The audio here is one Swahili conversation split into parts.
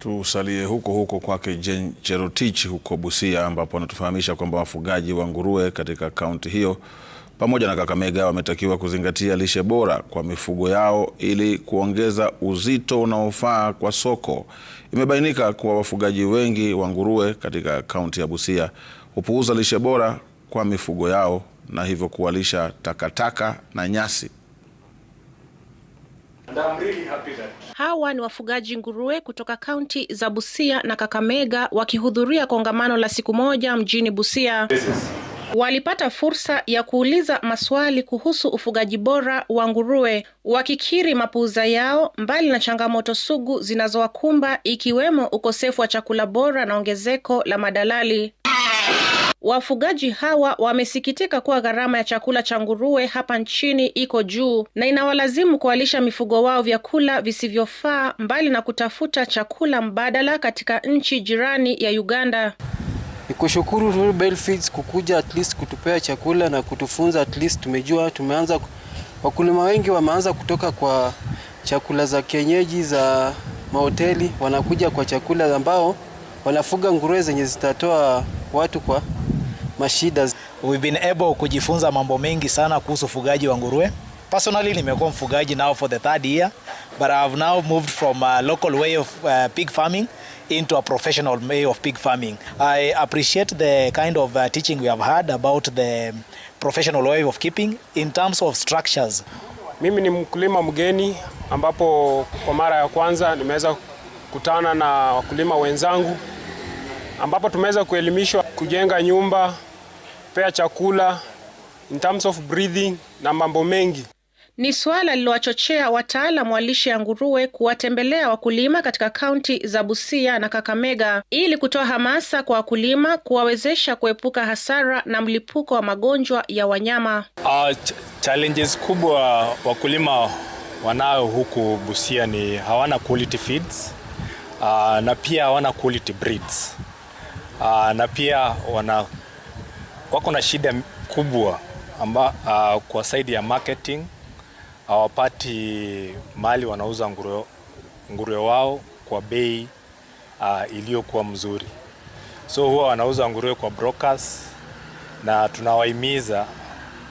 Tusalie huko huko kwake Jerotich huko Busia, ambapo anatufahamisha kwamba wafugaji wa nguruwe katika kaunti hiyo pamoja na Kakamega wametakiwa kuzingatia lishe bora kwa mifugo yao ili kuongeza uzito unaofaa kwa soko. Imebainika kuwa wafugaji wengi wa nguruwe katika kaunti ya Busia hupuuza lishe bora kwa mifugo yao na hivyo kuwalisha takataka na nyasi really Hawa ni wafugaji nguruwe kutoka kaunti za Busia na Kakamega wakihudhuria kongamano la siku moja mjini Busia. Walipata fursa ya kuuliza maswali kuhusu ufugaji bora wa nguruwe, wakikiri mapuuza yao mbali na changamoto sugu zinazowakumba ikiwemo ukosefu wa chakula bora na ongezeko la madalali. Wafugaji hawa wamesikitika kuwa gharama ya chakula cha nguruwe hapa nchini iko juu na inawalazimu kuwalisha mifugo wao vyakula visivyofaa mbali na kutafuta chakula mbadala katika nchi jirani ya Uganda. Ni kushukuru Rural Belfeeds kukuja at least kutupea chakula na kutufunza at least tumejua tumeanza wakulima wengi wameanza kutoka kwa chakula za kienyeji za mahoteli wanakuja kwa chakula ambao wanafuga nguruwe zenye zitatoa watu kwa mashida. We've been able kujifunza mambo mengi sana kuhusu ufugaji wa nguruwe. Personally, nimekuwa mfugaji now for the third year but I've now moved from a local way of uh, pig farming into a professional way of pig farming. I appreciate the kind of uh, teaching we have had about the professional way of keeping in terms of structures. Mimi ni mkulima mgeni ambapo kwa mara ya kwanza nimeweza kutana na wakulima wenzangu ambapo tumeweza kuelimishwa kujenga nyumba kupea chakula, in terms of breathing na mambo mengi. Ni suala lililowachochea wataalam wa lishe ya nguruwe kuwatembelea wakulima katika kaunti za Busia na Kakamega ili kutoa hamasa kwa wakulima kuwawezesha kuepuka hasara na mlipuko wa magonjwa ya wanyama. Uh, ch challenges kubwa wakulima wanayo huku Busia ni hawana quality feeds, uh, na pia hawana quality breeds, uh, na pia wana wako na shida kubwa amba, uh, kwa side ya marketing hawapati mali wanauza nguruwe, nguruwe wao kwa bei uh, iliyokuwa mzuri, so huwa wanauza nguruwe kwa brokers, na tunawahimiza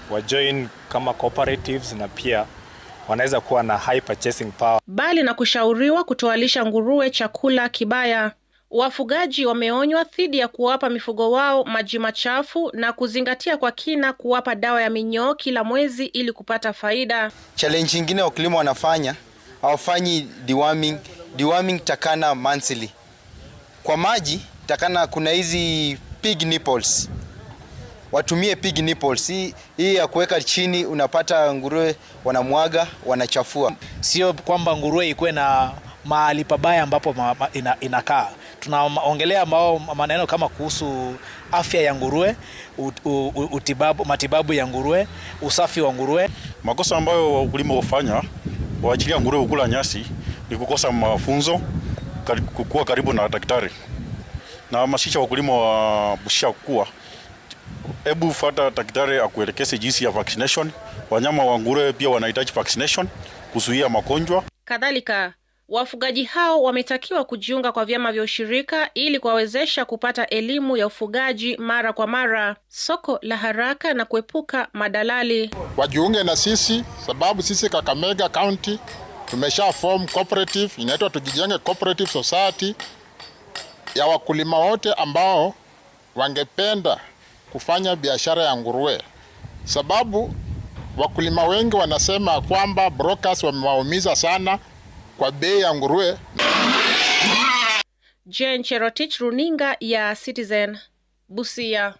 wa join kama cooperatives na pia wanaweza kuwa na high purchasing power. Bali na kushauriwa kutoalisha nguruwe chakula kibaya, Wafugaji wameonywa dhidi ya kuwapa mifugo wao maji machafu na kuzingatia kwa kina kuwapa dawa ya minyoo kila mwezi ili kupata faida. Challenge nyingine wakulima wanafanya hawafanyi deworming, deworming takana monthly. Kwa maji takana kuna hizi pig nipples. Watumie pig nipples. Hii, hii ya kuweka chini unapata nguruwe wanamwaga wanachafua. Sio kwamba nguruwe ikuwe na mahali pabaya ambapo inakaa ina tunaongelea mao maneno kama kuhusu afya ya nguruwe, utibabu, matibabu ya nguruwe, usafi wa nguruwe. Makosa ambayo wakulima hufanya waachilia nguruwe kula nyasi ni kukosa mafunzo, kukuwa karibu na daktari na masisha wakulima wa busha kuwa hebu fata daktari akuelekeze jinsi ya vaccination. Wanyama wa nguruwe pia wanahitaji vaccination kuzuia magonjwa kadhalika. Wafugaji hao wametakiwa kujiunga kwa vyama vya ushirika ili kuwawezesha kupata elimu ya ufugaji mara kwa mara, soko la haraka na kuepuka madalali. Wajiunge na sisi sababu sisi Kakamega County tumesha form cooperative inaitwa Tujijenge Cooperative Society ya wakulima wote ambao wangependa kufanya biashara ya nguruwe, sababu wakulima wengi wanasema kwamba brokers wamewaumiza sana kwa bei ya nguruwe. Jane Cherotich, runinga ya Citizen, Busia.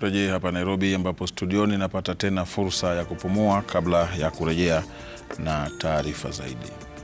Rejea hapa Nairobi, ambapo studioni napata tena fursa ya kupumua kabla ya kurejea na taarifa zaidi.